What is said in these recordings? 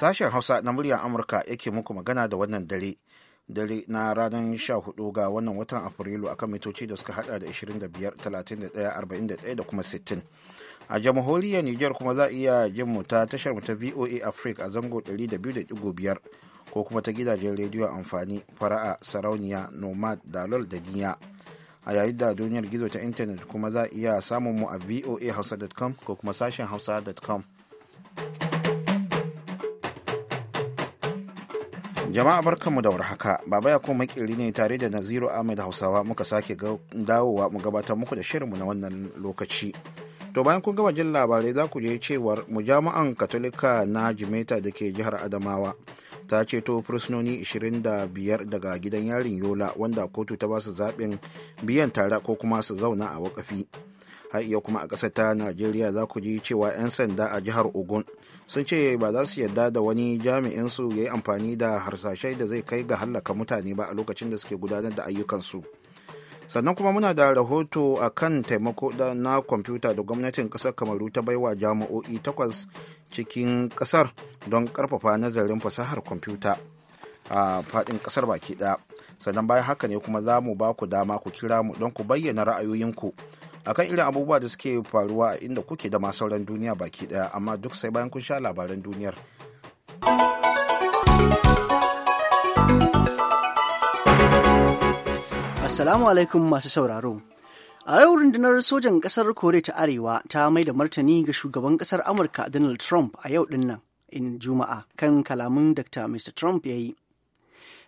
Sashen Hausa na murya Amurka yake muku magana da wannan dare. Dare na ranar 14 ga wannan watan Afrilu akan mitoci da suka hada da 25, 31, 41 da kuma 60. A jamhuriyar Nijar kuma za a iya jin mu ta tashar mu ta VOA Africa a zango 200.5 ko kuma ta gidajen rediyo amfani fara'a sarauniya nomad dalol da niya a yayin da duniyar gizo ta intanet kuma za a iya samun mu a voa hausa.com ko kuma sashen hausa.com Jama'a barkanmu da warhaka, Baba ya kuma makili ne tare da Naziru Ahmed Hausawa muka sake dawowa mu gabatar muku da shirinmu na wannan lokaci. To bayan kun gama jin labarai za ku je cewar mujami'an Katolika na Jimeta da ke jihar Adamawa ta ceto fursunoni 25 daga gidan yarin Yola wanda kotu ta ba su zaɓin biyan tara ko kuma su zauna a wakafi. har iya kuma a ƙasar ta najeriya za ku ji cewa 'yan sanda a jihar ogun sun ce ba za su yarda da wani jami'in su ya yi amfani da harsashai da zai kai ga hallaka mutane ba a lokacin da suke gudanar da ayyukansu sannan kuma muna da rahoto a kan taimako na kwamfuta da gwamnatin ƙasar kamaru ta baiwa jami'o'i takwas cikin ƙasar don ƙarfafa nazarin fasahar kwamfuta a faɗin ƙasar baki ɗaya sannan bayan haka ne kuma za mu ba ku dama ku kira mu don ku bayyana ra'ayoyinku akan irin abubuwa da suke faruwa a inda kuke da ma sauran duniya baki daya amma duk sai bayan kun sha labaran duniyar assalamu alaikum masu sauraro a yau rundunar sojan kasar kore ta arewa ta mai da martani ga shugaban kasar amurka donald trump a yau dinnan in juma'a kan kalamin dr mr trump ya yi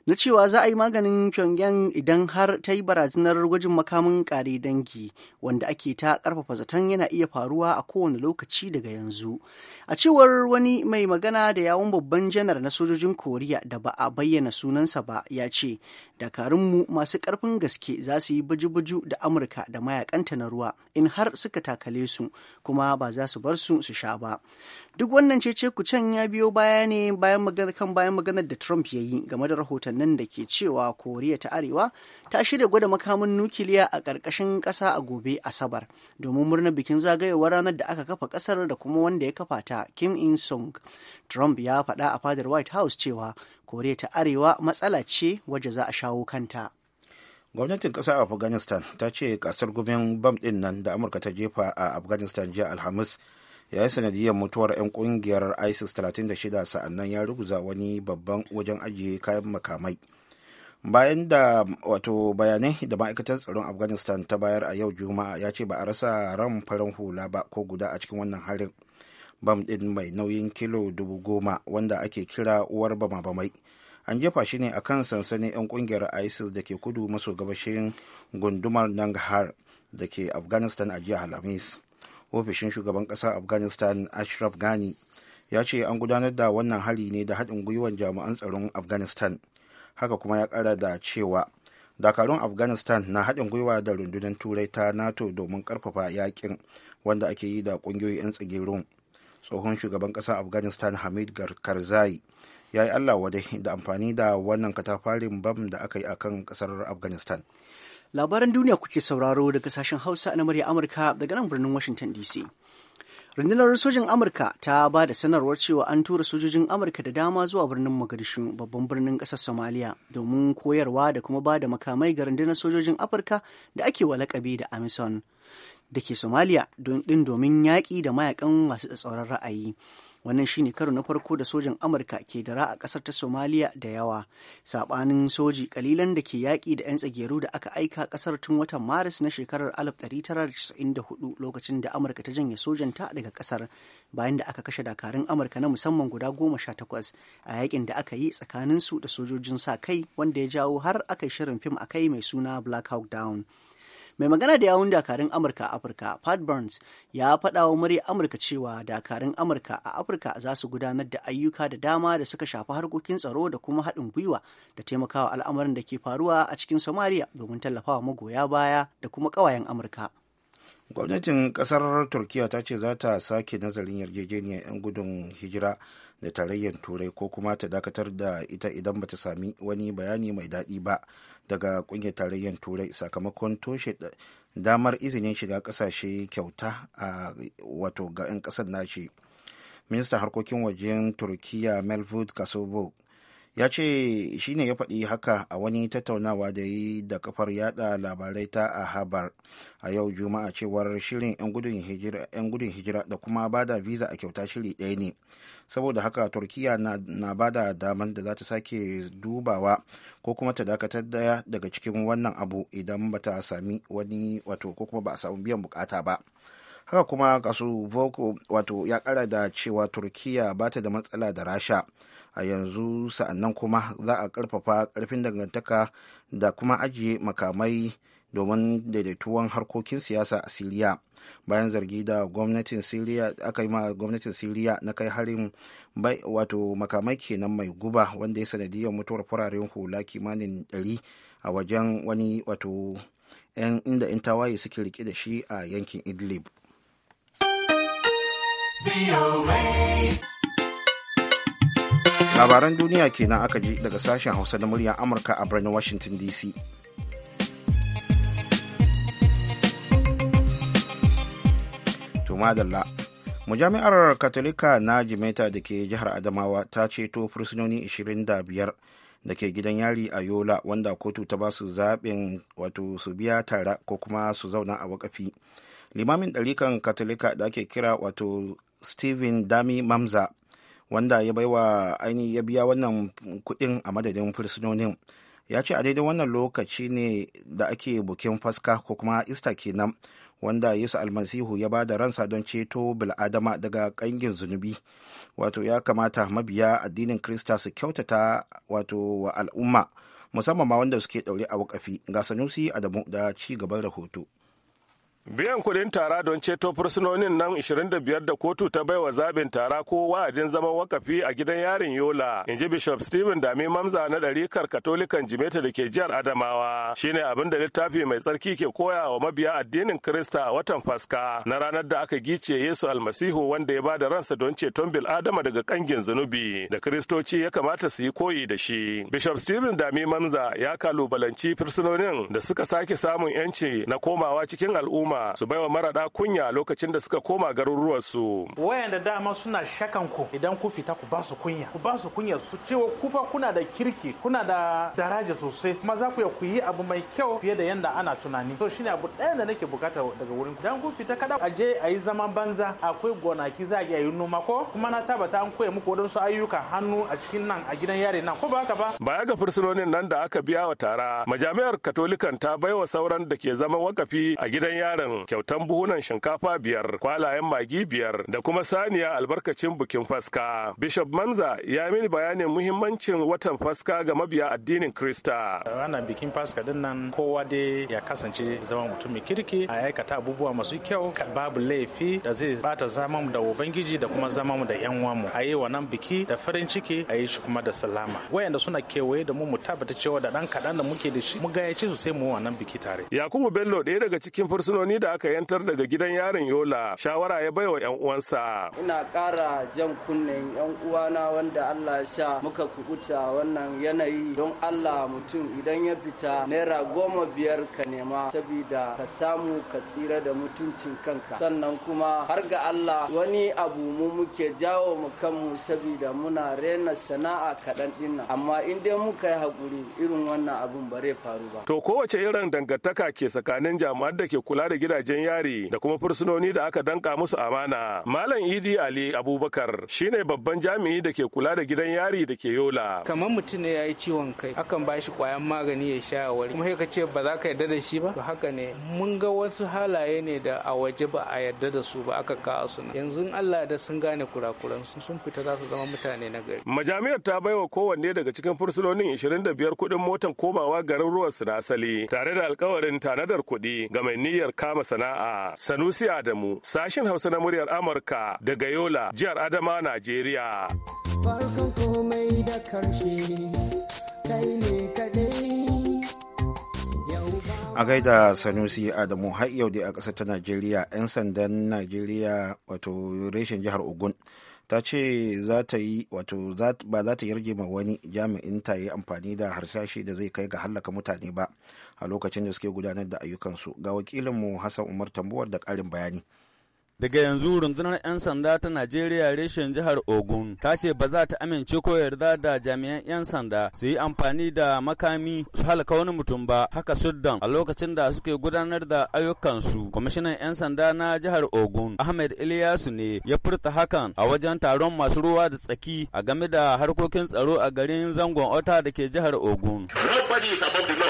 na cewa za a yi maganin pyongyang idan har ta yi barazanar gwajin makamin kare dangi wanda ake ta karfafa zaton yana iya faruwa a kowane lokaci daga yanzu a cewar wani mai magana da yawon babban janar na sojojin koriya da ba a bayyana sunansa ba ya ce mu masu karfin gaske za su yi buju-buju da amurka da mayakanta na ruwa in har suka takale su kuma ba za su bar su su sha ba duk wannan cece can ya biyo baya ne kan bayan maganar da trump ya yi game da rahoton wasannin da ke cewa koriya ta arewa ta shirya gwada makamin nukiliya a ƙarƙashin ƙasa a gobe asabar domin murnar bikin zagayowar ranar da aka kafa ƙasar da kuma wanda ya kafa ta kim in sung trump ya faɗa a fadar white house cewa koriya ta arewa matsala ce waje za a shawo kanta gwamnatin kasar afghanistan ta ce kasar gumin bam din nan da amurka ta jefa a afghanistan jiya alhamis ya yi sanadiyar mutuwar 'yan kungiyar isis 36 sa'annan ya ruguza wani babban wajen ajiye kayan makamai bayan da wato bayanai da ma'aikatar tsaron afghanistan ta bayar a yau juma'a ya ce ba a rasa ran farin hula ba ko guda a cikin wannan harin bam din mai nauyin kilo dubu goma wanda ake kira uwar bama bamai an jefa shi ne a kan sansanin 'yan kungiyar isis da ke kudu maso gabashin gundumar nangarhar da ke afghanistan a jiya alhamis ofishin shugaban ƙasa afghanistan ashraf ghani ya ce an gudanar da wannan hali ne da haɗin gwiwar jami'an tsaron afghanistan haka kuma ya ƙara da cewa dakarun afghanistan na haɗin gwiwa da rundunar turai ta nato domin ƙarfafa yakin wanda ake yi da ƙungiyoyin 'yan tsigirin tsohon shugaban ƙasar afghanistan hamid karzai ya yi allah wadai da amfani da wannan katafarin bam da aka yi a kan ƙasar afghanistan Labaran duniya kuke sauraro daga sashen Hausa na murya Amurka daga nan birnin Washington DC. Rundunar sojin Amurka ta ba da sanarwar cewa an tura sojojin Amurka da dama zuwa birnin Mogadishu babban birnin ƙasar Somalia domin koyarwa da kuma ba da makamai ga rundunar sojojin Afirka da ake wa lakabi da Amison da ke Somalia din domin yaƙi da mayakan masu tsatsauran ra'ayi. wannan shine karo na farko da sojan amurka ke dara a kasar ta somaliya da yawa sabanin soji kalilan da ke yaƙi da 'yan tsageru da aka aika ƙasar tun watan maris na shekarar 1994 lokacin da amurka ta janye sojanta daga ƙasar bayan da aka kashe dakarun amurka na musamman guda goma sha takwas a yaƙin da aka yi tsakaninsu da sojojin sa kai wanda ya jawo har aka shirin fim a kai mai suna black hawk down mai magana da yawun dakarun amurka a afirka pat burns ya faɗa wa murya amurka cewa dakarun amurka a afirka za su gudanar da ayyuka da dama da suka shafi harkokin tsaro da kuma haɗin gwiwa da taimakawa al'amarin da ke faruwa a cikin somaliya domin tallafawa magoya baya da kuma ƙawayen amurka gwamnatin ƙasar Turkiyya ta ce za ta sake nazarin yarjejeniyar 'yan gudun hijira da tarayyar turai ko kuma ta dakatar da ita idan bata sami wani bayani mai daɗi ba daga ƙungiyar tarayyar turai sakamakon toshe damar izinin shiga ƙasashe kyauta a wato ga 'yan ƙasar nashi minista harkokin wajen turkiya melvud kasobo ya ce shi ne ya faɗi haka a wani tattaunawa da yi da kafar yada labarai ta a habar a yau juma'a cewar shirin 'yan gudun hijira da kuma bada visa a kyauta shiri ɗaya ne saboda haka turkiya na, na bada daman da za ta sake dubawa ko kuma ta dakatar daya daga cikin wannan abu idan ba ta sami wani wato ko kuma ba a samu biyan bukata ba haka kuma kasu voko wato ya kara da cewa turkiya ba ta da matsala da rasha a yanzu sa'annan kuma za a karfafa karfin dangantaka da kuma ajiye makamai domin daidaituwan harkokin siyasa a siriya bayan zargi da gwamnatin siriya aka yi ma gwamnatin siriya na kai harin bai wato makamai kenan mai guba wanda ya sanadiyar mutuwar fararen hula kimanin 100 a wajen wani wato yan inda 'yan tawaye suke rike da shi a yankin idlib Labaran duniya kenan aka ji daga sashen Hausa na murya Amurka a birnin Washington DC. Tumadalla. Mujami'ar Katolika na Jimeta da ke jihar Adamawa ta ceto fursunoni 25 da ke gidan yari a Yola wanda kotu ta ba su zaɓin wato su biya tara ko kuma su zauna a wakafi. Limamin ɗarikan Katolika da ake kira wato Steven dami mamza wanda ya baiwa aini ya biya wannan kudin a madadin fursunonin ya ce a daidai wannan lokaci ne da ake bukin faska ko kuma ista kenan wanda yesu almasihu ya ba da ransa don ceto bil'adama daga kangin zunubi wato ya kamata mabiya addinin krista su kyautata wato wa al'umma musamman ma wanda suke daure a wakafi ga sanusi adamu da ci gaban rahoto Biyan kuɗin tara don ceto fursunonin nan 25 da kotu ta baiwa zabin tara ko wa'adin zaman wakafi a gidan yarin Yola, in ji Bishop Stephen Dami Mamza na ɗarikar Katolikan Jimeta da ke jihar Adamawa. Shine abin da littafi mai tsarki ke koya wa mabiya addinin Kirista a watan Faska na ranar da aka gice Yesu Almasihu wanda ya bada ransa don ceton Bil'adama daga kangin zunubi da Kiristoci ya kamata su yi koyi da shi. Bishop Stephen Dami Mamza ya kalubalanci fursunonin da suka sake samun 'yanci na komawa cikin al'umma al'umma su baiwa marada kunya lokacin da suka koma garuruwarsu. da dama suna shakan ku idan ku fita ku ba kunya. Ku ba su kunya su cewa ku fa kuna da kirki, kuna da daraja sosai, kuma za ku ya ku yi abu mai kyau fiye da yanda ana tunani. To shine abu ɗaya da nake bukata daga wurin ku. Dan ku fita kada a je a yi zaman banza, akwai gonaki za a yi noma ko kuma na tabbata an koya muku wadansu ayyuka hannu a cikin nan a gidan yare nan ko ba haka ba. Baya ga fursunonin nan da aka biya wa tara, majami'ar Katolikan ta baiwa sauran da ke zama wakafi a gidan yare ɓangaren kyautan buhunan shinkafa biyar, kwalayen magi biyar da kuma saniya albarkacin bikin faska. Bishop Manza ya mini bayanin muhimmancin watan faska ga mabiya addinin Krista. Ana bikin faska din nan kowa dai ya kasance zama mutum mai kirki a aikata abubuwa masu kyau babu laifi da zai bata zama da ubangiji da kuma zama mu da yan uwanmu a yi wannan biki da farin ciki a yi shi kuma da salama wayanda suna kewaye da mu mu tabbata cewa da dan kaɗan da muke da shi mu gayyace su sai mu wannan biki tare yakubu bello ɗaya daga cikin fursunoni ni da aka yantar daga gidan yarin yola shawara ya baiwa yan uwansa ina ƙara jan kunnen yan uwana wanda allah ya muka kubuta wannan yanayi don allah mutum idan ya fita naira goma biyar ka nema saboda ka samu ka tsira da mutuncin kanka sannan kuma har ga allah wani abu mu muke jawo mu kanmu sabida muna rena sana'a kaɗan dinnan amma in dai muka yi hakuri irin wannan abun ba zai faru ba to kowace irin dangantaka ke tsakanin jama'ar da ke kula da gidajen yari da kuma fursunoni da aka danka musu amana. Malam Idi Ali Abubakar shine babban jami'i da ke kula da gidan yari da ke Yola. Kamar mutum ne ya yi ciwon kai, akan ba shi kwayan magani ya sha wari. Kuma ka ce ba za ka yarda da shi ba? To haka ne. Mun ga wasu halaye ne da a waje ba a yarda da su ba aka kawo su nan. Yanzu Allah da sun gane kurakuran su sun fita za su zama mutane na gari. Majami'ar ta baiwa kowanne daga cikin fursunonin biyar kuɗin motan komawa garin ruwan su na asali tare da alkawarin tanadar kuɗi ga mai niyyar kawo kama sana'a. Sanusi Adamu, sashen Hausa na muryar Amurka daga Yola, jihar Adama, Najeriya. Farkon komai da karshe, kai ne kadai. a gaida sanusi adamu har yau dai a ƙasar ta najeriya 'yan sandan najeriya wato reshen jihar ogun ta ce za ta yi ba za ta yarje ma wani jami'in ta yi amfani da harsashi da zai kai ga hallaka mutane ba a lokacin da suke gudanar da ayyukansu ga wakilinmu hassan umar tambuwar da ƙarin bayani Daga yanzu rundunar 'yan sanda ta Najeriya reshen jihar Ogun ta ce ba za ta amince ko yarda da jami'an 'yan sanda su yi amfani da makami su halaka wani mutum ba haka Sudan a lokacin da suke gudanar da ayyukansu. Kwamishinan 'yan sanda na jihar Ogun Ahmed Ilyasu ne ya furta hakan a wajen taron masu ruwa da tsaki a game da harkokin tsaro a garin zangon Ota da ke jihar Ogun. Nobody is above the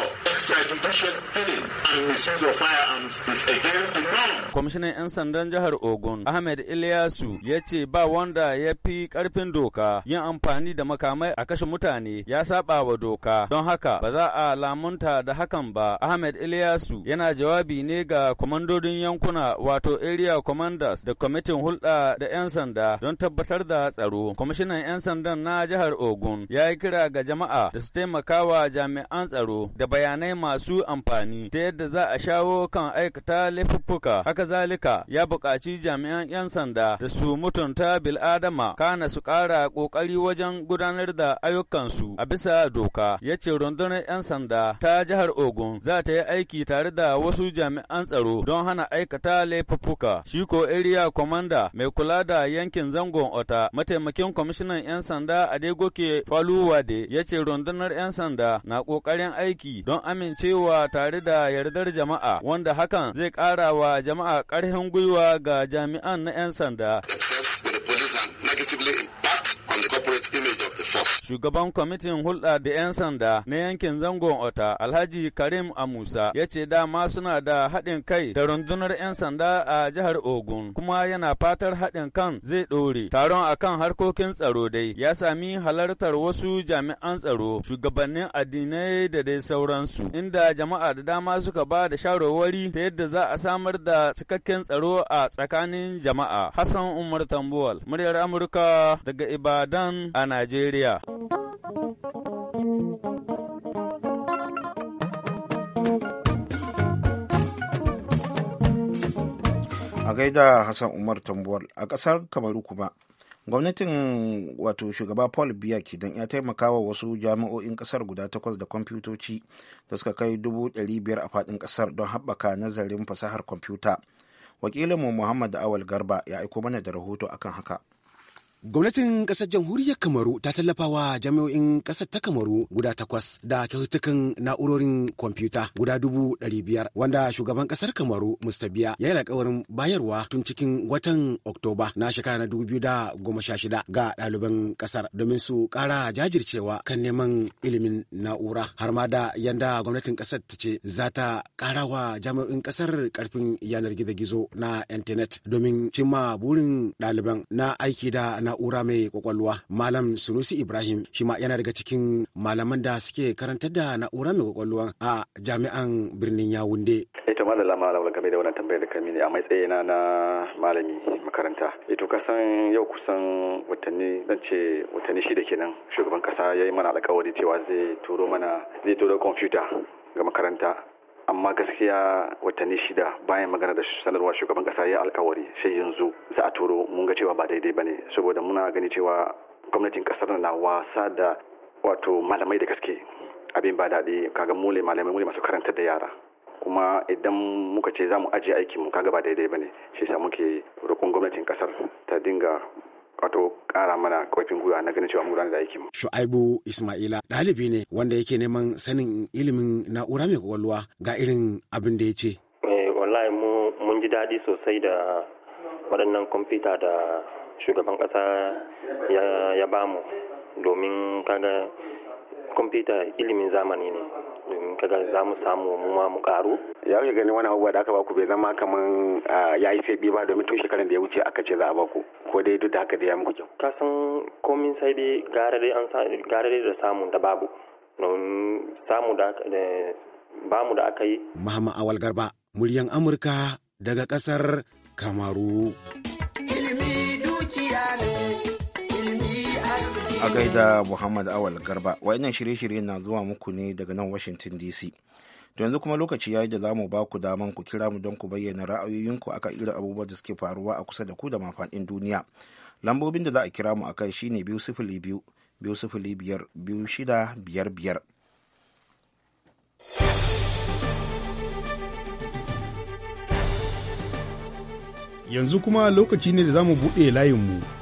Kwamishinan 'yan sandan jihar Ogun, Ahmed Ilyasu ya ce ba wanda ya fi ƙarfin doka yin amfani da makamai a kashe mutane ya saba wa doka, don haka ba za a lamunta da hakan ba. Ahmed Ilyasu yana jawabi ne ga kwamandodin yankuna wato area commanders da kwamitin hulɗa da 'yan sanda don tabbatar da tsaro. Kwamishinan 'yan sandan na jihar Ogun ya yi kira ga jama'a da su taimakawa. jami'an tsaro da bayanai masu amfani ta yadda za a shawo kan aikata laifuffuka. Haka zalika ya buƙaci jami'an 'yan sanda da su mutunta bil'adama kana su kara kokari wajen gudanar da ayyukansu a bisa doka ya ce rundunar 'yan sanda ta jihar ogun za ta yi aiki tare da wasu jami'an tsaro don hana aikata laifuka shi ko area commander mai kula da yankin zangon ota mataimakin kwamishinan 'yan sanda adegoke faluwade ya ce rundunar 'yan sanda na kokarin aiki don amincewa tare da yardar jama'a wanda hakan zai ƙara wa jama'a karhin gwiwa ga ga jami'an na 'yan sanda. and the corporate image of the force. Shugaban kwamitin hulɗa da 'yan sanda na yankin zangon Ota, Alhaji Karim Amusa, ya ce dama suna da haɗin kai da rundunar 'yan sanda a jihar Ogun, kuma yana fatar haɗin kan zai ɗore. Taron a kan harkokin tsaro dai ya sami halartar wasu jami'an tsaro, shugabannin addinai da dai sauransu, inda jama'a da dama suka ba da shawarwari ta yadda za a samar da cikakken tsaro a tsakanin jama'a. Hassan Umar Tambuwal, muryar Amurka daga Ibadan. Ibadan a Najeriya. A gaida Hassan Umar Tambuwal a ƙasar Kamaru kuma. gwamnatin wato shugaba paul biya kidan ya taimaka wa wasu jami'o'in ƙasar guda takwas da kwamfutoci da suka kai dubu ɗari biyar a faɗin ƙasar don haɓaka nazarin fasahar kwamfuta wakilinmu muhammad awal garba ya aiko mana da rahoto akan haka Gwamnatin ƙasar jamhuriyar Kamaru ta tallafa wa jami'o'in ƙasar ta Kamaru guda takwas da kyaututtukan na'urorin kwamfuta guda dubu ɗari biyar wanda shugaban ƙasar Kamaru musta biya ya yi alƙawarin bayarwa tun cikin watan Oktoba na shekara na dubu biyu da goma sha shida ga ɗaliban ƙasar domin su ƙara jajircewa kan neman ilimin na'ura har ma da yanda gwamnatin ƙasar ta ce za ta ƙara wa jami'o'in ƙasar ƙarfin yanar gizo-gizo na intanet domin cimma burin ɗaliban na aiki da na na'ura mai kwakwalwa malam sunusi ibrahim shi ma yana daga cikin malaman da suke karantar da na'ura mai kwakwalwa a jami'an birnin yawunde ita malala da game da wannan tambayar da kami ne a matsayina na malami makaranta ito kasan yau kusan watanni zan ce watanni shida kenan shugaban kasa ya yi mana alkawari cewa zai turo mana zai turo kwamfuta ga makaranta amma gaskiya watanni shida bayan magana da sanarwa shugaban kasa ya alkawari sai yanzu za a turo mun ga cewa ba daidai bane saboda muna gani cewa gwamnatin kasar na wasa da wato malamai da gaske abin ba daɗi kaga mule malamai mule masu karanta da yara kuma idan muka ce za mu ajiye aikinmu kaga ba daidai bane shi yasa muke roƙon gwamnatin kasar ta dinga wato kara mana kwafin gwiwa na ganin cewa mu da aikin mu. Shu'aibu Ismaila ɗalibi ne wanda yake neman sanin ilimin na'ura mai kwakwalwa ga irin abin da ya ce. Eh, wallahi mu mun ji daɗi sosai da waɗannan kwamfuta da shugaban ƙasa ya, ya bamu domin kaga kwamfuta ilimin zamani ne domin kaga za mu samu mu ma mu karu ya wuce gani wani abubuwa da aka baku bai zama kaman ya yi sai ba domin tun shekaran da ya wuce aka ce za a baku ko dai duk da haka da ya muku kyau ka san komin sai dai gara dai da samun da babu domin samu da ba mu da aka yi Mahama Awal Garba muryan Amurka daga kasar Kamaru ilimi a gaida Muhammad Awal Garba. Wayannan shirye-shirye na zuwa muku ne daga nan Washington DC. To yanzu kuma lokaci yayi da zamu ba ku daman ku kira mu don ku bayyana ra'ayoyinku aka irin abubuwan da suke faruwa a kusa da ku da mafaɗin duniya. Lambobin da za a kira mu akai shine biyu sifili biyu biyu sifili biyar biyu shida biyar biyar. Yanzu kuma lokaci ne da zamu buɗe layinmu.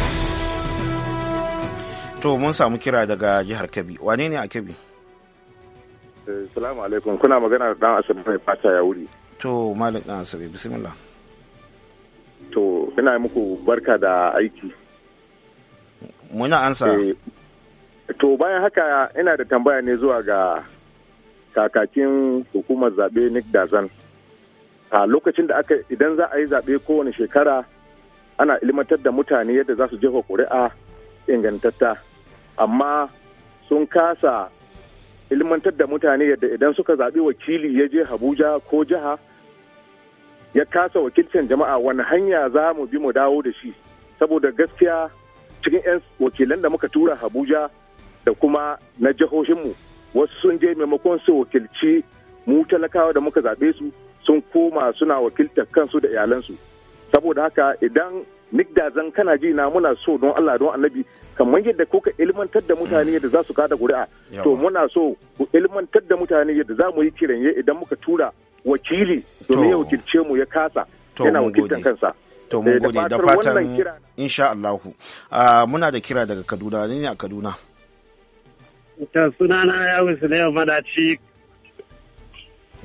to mun samu kira daga jihar kebbi wane ne a kebbi salamu alaikum kuna magana da dan asibi mai fata ya wuri to malik dan asibi bismillah to ina muku barka da aiki muna ansa eh, to bayan haka ina da tambaya ne zuwa ga kakakin hukumar zaɓe nick dazan a lokacin da aka idan za a yi zaɓe kowane shekara ana ilmantar da mutane yadda za su jefa ƙuri'a ingantatta amma sun kasa ilmantar da mutane yadda idan suka zaɓi wakili ya je Abuja ko jiha ya kasa wakilcin jama'a wani hanya za mu bi mu dawo da shi saboda gaskiya cikin 'yan wakilan da muka tura habuja da kuma na jihohinmu wasu sun je maimakon su wakilci mu talakawa da muka zaɓe su sun koma suna wakiltar kansu da iyalansu saboda haka idan nik da zan kana ji na muna so don Allah don Annabi kamar yadda kuka ilmantar da mutane yadda za su kada ƙuri'a to muna so ku ilmantar da mutane yadda za mu yi kiranye idan muka tura wakili domin ya wakilce mu ya kasa yana wakiltar kansa to mun eh, gode da fatan insha Allah ah, muna da kira daga Kaduna ne a Kaduna to sunana ya wasu ne madaci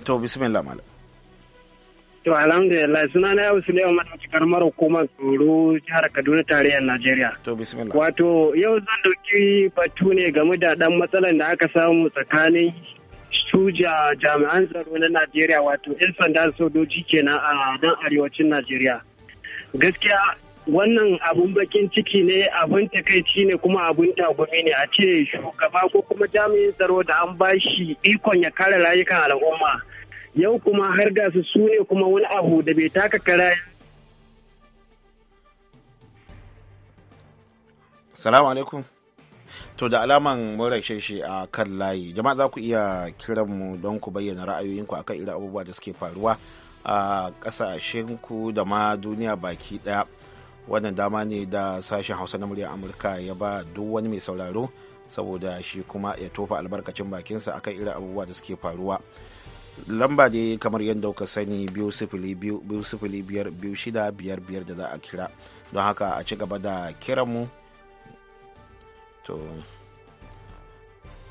to bismillah malam To alhamdulillah suna na yau Suleiman Madauci Mara hukumar tsoro jihar Kaduna tarayyar Najeriya. To bismillah. Wato yau zan dauki batu ne game da dan matsalar da aka samu tsakanin suja jami'an tsaro na Najeriya wato 'yan sanda sojoji kenan a dan arewacin Najeriya. Gaskiya wannan abun bakin ciki ne abun takaici ne kuma abun tagumi ne a ce shugaba ko kuma jami'in tsaro da an bashi ikon ya kare rayukan al'umma. yau kuma har da su su ne kuma wani abu da bai taka kara salamu alaikum to da alaman mura shi a kan layi jama'a za ku iya kiran mu don ku bayyana ra'ayoyinku akan irin abubuwa da suke faruwa a ku da ma duniya baki daya wannan dama ne da sashen hausa na muryar amurka ya ba duk wani mai sauraro saboda shi kuma ya tofa albarkacin bakinsa akan irin abubuwa da suke faruwa lamba ne kamar yadda kuka sani biyu sifili biyu sifili biyar biyu shida biyar biyar da za a kira don haka a ci gaba da kiranmu to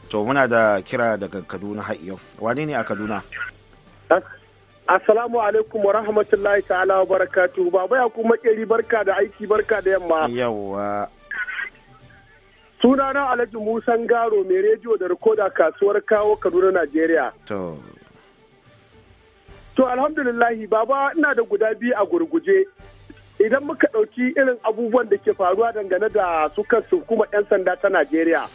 to muna da kira daga kaduna har wani ne a kaduna Assalamu alaikum wa rahmatullahi ta'ala wa barakatu. Baba ya kuma makeri barka da aiki barka da yamma. Yawwa. Sunana Alhaji Musan Garo mai rediyo da rikoda kasuwar kawo Kaduna Najeriya. To. To alhamdulillahi baba ina da guda biyu a gurguje. Idan muka ɗauki irin abubuwan da ke faruwa dangane da su kansu hukumar 'yan sanda ta Najeriya.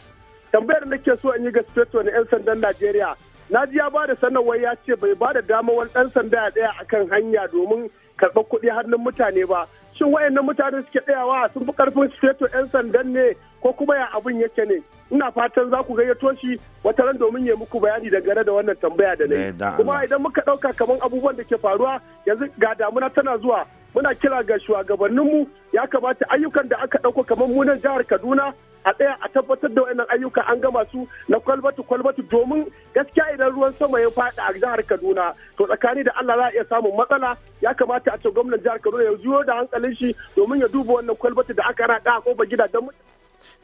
Tambayar da ke so in yi ga na 'yan sandan Najeriya. Na ji ya ba da sanarwar ya ce bai ba da damar wani ɗan sanda ya tsaya kan hanya domin karɓar kuɗi hannun mutane ba. Shin wayannan mutane suke tsayawa sun fi ƙarfin sufeto 'yan sandan ne ko kuma ya abin yake ne ina fatan za ku gayyato shi wata ran domin ya muku bayani da gare da wannan tambaya da nayi eh, kuma idan muka dauka kaman abubuwan da ke faruwa yanzu ga damuna tana zuwa muna kira ga shugabanninmu ya kamata ayyukan da aka dauko kamar munan jihar Kaduna a tsaya a tabbatar da wayannan ayyuka an gama su na kwalbatu kwalbatu domin gaskiya idan ruwan sama ya faɗi a jihar Kaduna to tsakani da Allah za a iya samun matsala ya kamata a ce gwamnan jihar Kaduna ya juyo da hankalin shi domin ya duba wannan kwalbatu da aka rada a kofar gidajen mutane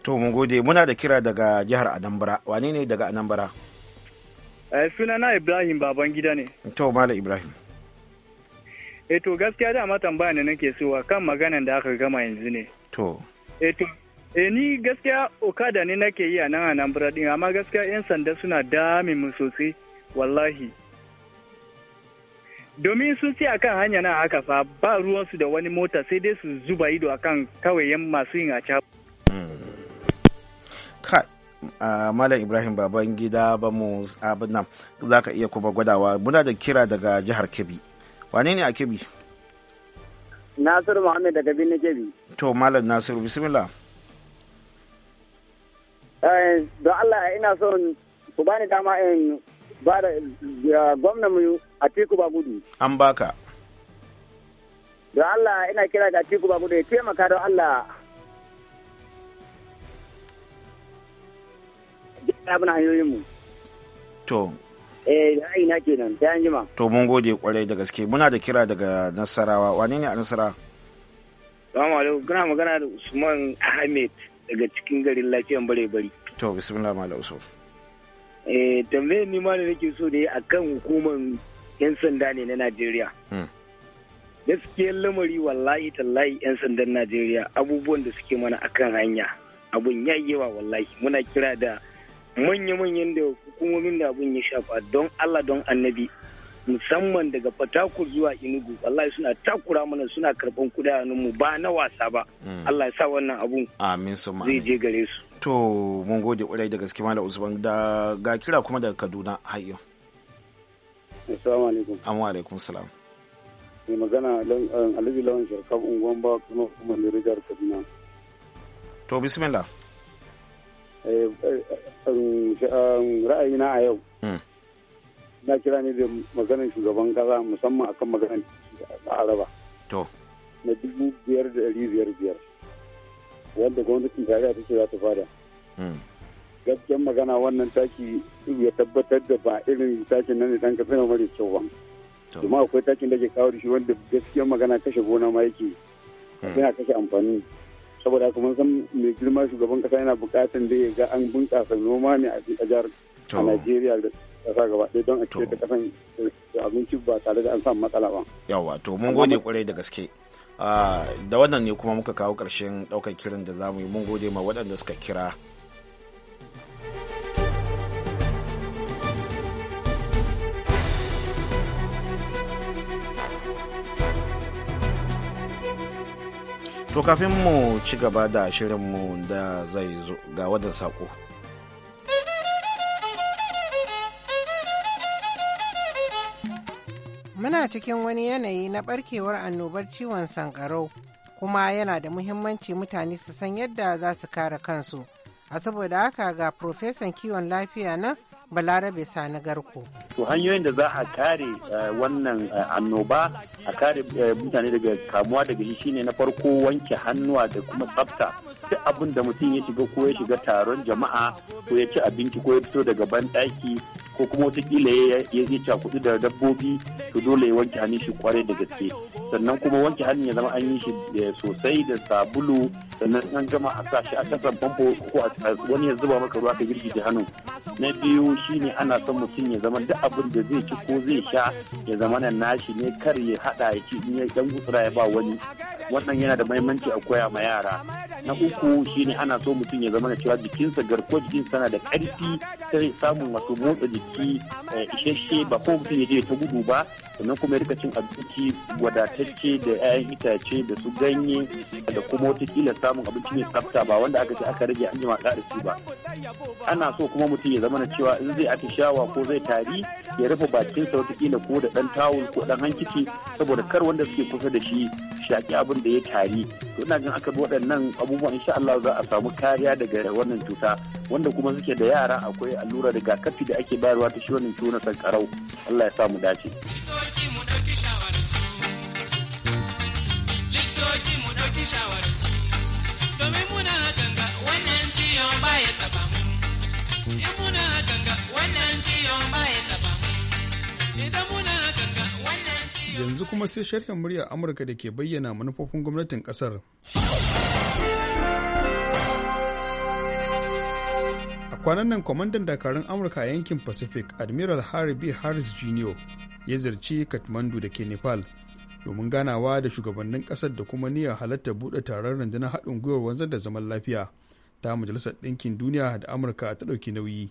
to mun gode muna da kira daga jihar anambra wane ne daga anambra eh, sunana ibrahim baban gida ne to mala ibrahim Eh to gaskiya ma tambaya ne nake so kan maganan da aka gama yanzu ne to Eh to eh ni gaskiya okada ne nake yi a nan anambra din amma gaskiya yan sanda suna damin mu sosai wallahi domin sun ce akan hanya na haka fa ba ruwansu da wani mota sai dai su zuba ido akan kawai yan masu yin a hmm. a malam ibrahim baban gida ba mu abin nan za ka iya kuma gwadawa muna da kira daga jihar kebbi wane ne a kebbi nasiru muhammad daga birnin kebbi to malam nasiru bismillah eh, don allah ina son ku bani dama in ba da gwamna mu a tiku ba gudu an baka don allah ina kira da tiku ba gudu ya taimaka don allah ɗabin mu. To. Eh, da na kenan, ta yanzu jima. To, mun gode kwarai da gaske. Muna da kira daga Nasarawa. Wane ne a Nasara? Salamu alaikum. Kuna magana da Usman Ahmed daga cikin garin lafiyan bare To, bismillah malam Usman. Eh, tambayar ni ma da nake so da yi akan hukumar 'yan sanda ne na Najeriya. Hmm. gaskiyar lamari wallahi tallahi 'yan sandan najeriya abubuwan da suke mana akan hanya abun ya yawa wallahi muna kira da manya-manyan da hukumomin da abin ya shafa don Allah don annabi musamman daga fatakur zuwa inugu wallahi suna takura mana suna karban mu ba na wasa ba hmm. Allah ya sa wannan abun amin su zai je gare su to mun gode kwarai da gaske malam usman da ga kira kuma daga kaduna hayyo assalamu alaikum amma alaikum salam mai magana eh, alhaji lawan sharkaf unguwan ba kuma kuma ne rigar kaduna to bismillah ra'ayina a yau hmm. na kira ne da maganin shugaban kasa musamman akan maganin araba na dubu biyar da ɗari biyar biyar wanda gwamnatin tarayya ta ce za ta fada hmm. gaskiyar magana wannan taki ya tabbatar da ba irin takin nan idan ka sani mara kyau ba kuma akwai takin da ke kawo shi wanda gaskiyar magana kashe gona ma yake hmm. yana kashe amfani saboda kuma san mai girma shugaban kasa yana bukatan da ya ga an bunƙasa noma ne a jihar a Najeriya da kasa gaba ɗaya don a ce ta kasan abinci ba tare da an samu matsala ba. Yawa to mun gode kwarai da gaske. Ah, da wannan ne kuma muka kawo ƙarshen ɗaukar kirin da za mu yi mun gode ma waɗanda suka kira to kafin mu ci gaba da shirinmu da zai zo ga wadda saƙo muna cikin wani yanayi na barkewar annobar ciwon sankarau kuma yana da muhimmanci mutane su san yadda za su kare kansu a saboda haka ga profesan kiwon lafiya na. balarabe sani garko to hanyoyin da za a kare eh, wannan eh, annoba a kare eh, mutane daga kamuwa daga shi shine na farko wanke hannuwa da kuma tsafta duk abin da mutum ya shiga ko ya shiga taron jama'a ko ya ci abinci ko ya fito daga ban daki ko kuma watakila ya je cakudu da dabbobi to dole ya wanke hannun shi kwarai da gaske sannan kuma wanke hannun ya zama an yi shi eh, sosai da sabulu sannan an gama a sa shi a kasan famfo ko wani ya zuba maka ruwa ka girgije hannu na biyu shine ana son mutum ya zama duk abin da zai ci ko zai sha ya zama na nashi ne kar ya hada ya ci in ya dan gutsura ya ba wani wannan yana da mahimmanci a koya ma yara na uku shine ana so mutum ya zama da cewa jikinsa garkuwar jikinsa na da ƙarfi sai samun wasu motsa jiki abinci isasshe ba ko mutum ya ta gudu ba sannan kuma ya rika cin abinci wadatacce da 'ya'yan itace da su ganye da kuma watakila samun abinci mai tsafta ba wanda aka ce aka rage an jima ƙara ba ana so kuma mutum ya zama na cewa in zai atishawa ko zai tari ya rufe bakinsa kila ko da dan tawul ko dan hankici saboda kar wanda suke kusa da shi shaƙi abin da ya tari to ina gan aka bi waɗannan abubuwan insha Allah za a samu kariya daga wannan cuta wanda kuma suke da yara akwai allura daga rigakafi da ake bayarwa ta shi wannan cuta na sankarau Allah ya sa mu dace. Likitoci mu ɗauki shawararsu domin muna wannan baya mu. Yanzu kuma sai sharhin murya Amurka da ke bayyana manufofin gwamnatin kasar. A kwanan nan kwamandan dakarun Amurka a yankin Pacific, Admiral Harry B. Harris Jr. ya ziyarci Kathmandu da ke Nepal domin ganawa da shugabannin kasar da kuma niyyar halatta buɗe taron rundunar haɗin gwiwar wanzar da zaman lafiya. ta majalisar ɗinkin duniya da amurka ta ɗauki nauyi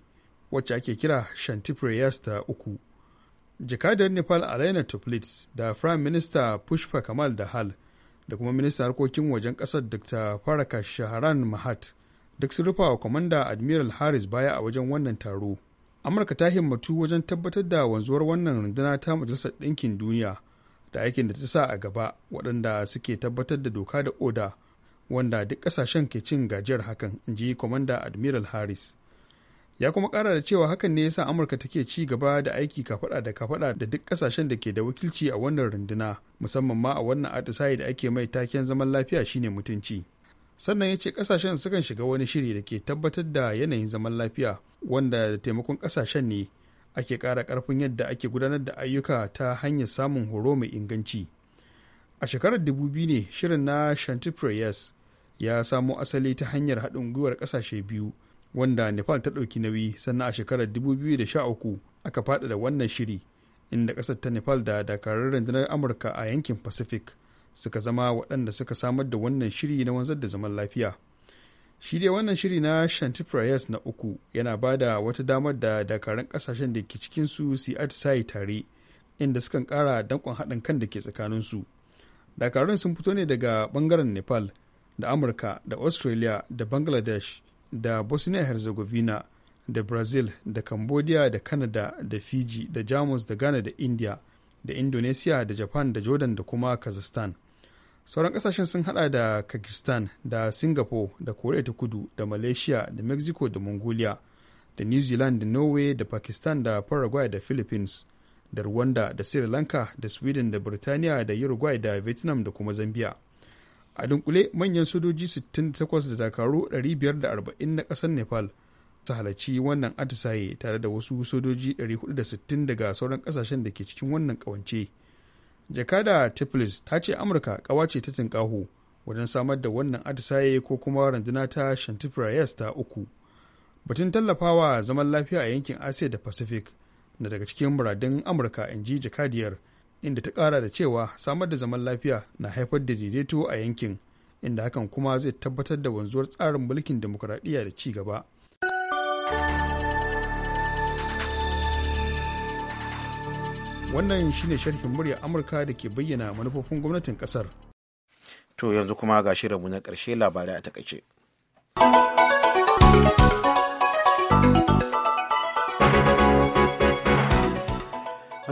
wacce ake kira shanti prayers ta uku jakadar nepal alaina toplit da prime minister pushpa kamal dahal da kuma minista harkokin wajen ƙasar dr faraka shaharan mahat duk sun rufa wa kwamanda admiral harris baya a wajen wannan taro amurka ta himmatu wajen tabbatar da wanzuwar wannan runduna ta majalisar ɗinkin duniya da aikin da ta sa a gaba waɗanda suke tabbatar da doka da oda wanda duk kasashen ke cin gajiyar hakan in ji kwamanda admiral harris ya kuma kara da cewa hakan ne yasa amurka take ci gaba da aiki kafada da kafada da duk kasashen da ke da wakilci a wannan runduna musamman ma a wannan atisaye da ake mai taken zaman lafiya shine mutunci sannan ya ce kasashen sukan shiga wani shiri da ke tabbatar da yanayin zaman lafiya wanda da taimakon kasashen ne ake kara karfin yadda ake gudanar da ayyuka ta hanyar samun horo mai inganci a shekarar dubu biyu ne shirin na shanti ya samo asali ta hanyar haɗin gwiwar ƙasashe biyu wanda nepal ta ɗauki nauyi sannan a shekarar 2013 aka faɗaɗa wannan shiri inda ƙasar ta nepal da dakarar rundunar amurka a yankin pacific suka zama waɗanda suka samar da wannan shiri na wanzar da zaman lafiya shi dai wannan shiri na shanti prayers na uku yana ba da wata damar da dakarun ƙasashen da ke cikin su si atisaye tare inda sukan ƙara danƙon haɗin kan da ke tsakanin su dakarun sun fito ne daga ɓangaren nepal da amurka da australia da bangladesh da bosnia-herzegovina da brazil da cambodia da canada da fiji da jamus da ghana da india da indonesia da japan da jordan da kuma kazakhstan sauran kasashen sun hada da kakistan da singapore da korea ta kudu da malaysia da mexico da mongolia da new zealand da norway da pakistan da paraguay da philippines da rwanda da sri lanka da sweden da birtaniya da uruguay da vietnam da kuma zambia a dunkule manyan sojoji 68 da dakaru 540 na ƙasar nepal su halarci wannan atisaye tare da wasu sojoji 460 daga sauran ƙasashen da ke cikin wannan ƙawance jakada tiflis ta ce amurka ce ta tinkaho wajen samar da wannan atisaye ko kuma randuna ta shantifrayas ta uku batun tallafawa zaman lafiya a yankin asiya da pacific na daga cikin muradun amurka in ji jakadiyar inda ta kara da cewa samar da zaman lafiya na haifar da daidaito a yankin inda hakan kuma zai tabbatar da wanzuwar tsarin mulkin demokuraɗiyya da ci gaba. Wannan shine sharhin murya Amurka da ke bayyana manufofin gwamnatin kasar. To yanzu kuma ga rabu na karshe labarai a takaice.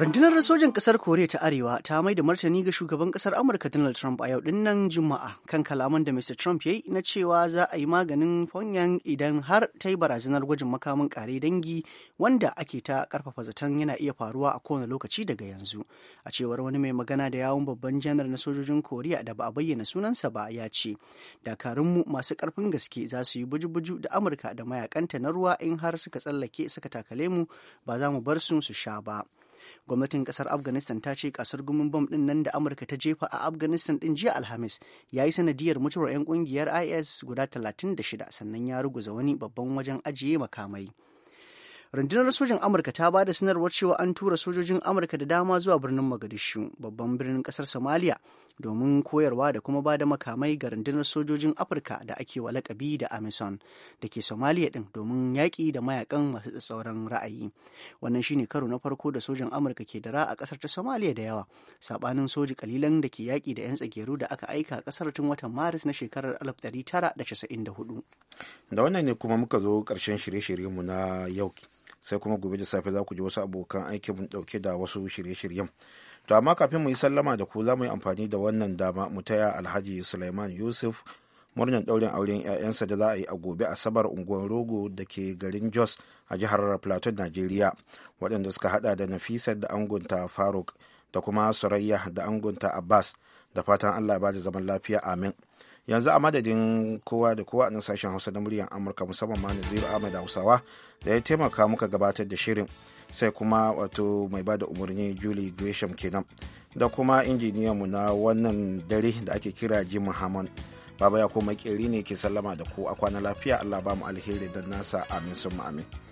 Rundunar sojan kasar Koriya ta Arewa ta mai da martani ga shugaban ƙasar Amurka Donald Trump a yau dinnan Juma'a kan kalaman da Mr. Trump ya yi na cewa za a yi maganin Pyongyang idan har ta yi barazanar gwajin makamin kare dangi wanda ake ta karfafa zaton yana iya faruwa a kowane lokaci daga yanzu. A cewar wani mai magana da yawun babban janar na sojojin Koriya da ba a bayyana sunansa ba ya ce, dakarun mu masu karfin gaske za su yi buju-buju da Amurka da mayakanta na ruwa in har suka tsallake suka takale mu ba za mu bar su su sha ba. gwamnatin kasar afghanistan ta ce kasar gumin bom din nan da amurka ta jefa a afghanistan din jiya alhamis ya yi sanadiyar mutuwar 'yan kungiyar is guda 36 sannan ya ruguza wani babban wajen ajiye makamai rundunar sojan amurka ta ba da sanarwar cewa an tura sojojin amurka da dama zuwa birnin Magadishu, babban birnin kasar somalia domin koyarwa da kuma ba da makamai ga rundunar sojojin afirka da ake wa lakabi da amison da ke somalia din domin yaƙi da mayakan masu tsauran ra'ayi wannan shine karo na farko da sojan amurka ke dara a kasar ta somalia da yawa saɓanin soji kalilan da ke yaƙi da 'yan tsageru da aka aika a kasar tun watan maris na shekarar 1994 da wannan ne kuma muka zo ƙarshen shirye-shiryenmu na yau sai kuma gobe da safe za ku ji wasu abokan aiki mun dauke da wasu shirye-shiryen to amma kafin mu yi sallama da ku za mu yi amfani da wannan dama mu taya alhaji suleiman yusuf murnar daurin auren 'ya'yansa da za a yi a gobe asabar unguwar rogo da ke garin jos a jihar plateau nigeria waɗanda suka hada da nafisar da angonta faruk da kuma surayya da angonta abbas da fatan allah ba da zaman lafiya amin yanzu a madadin kowa da kowa a nan sashen hausa na muryar amurka musamman ma naziru ahmed hausawa da ya taimaka muka gabatar da shirin sai kuma wato mai bada umarni julie gresham kenan da kuma mu na wannan dare da ake kira jim hammond baba ya makeri ne ke sallama da ku a kwana lafiya allah ba mu alheri da nasa amin sun amin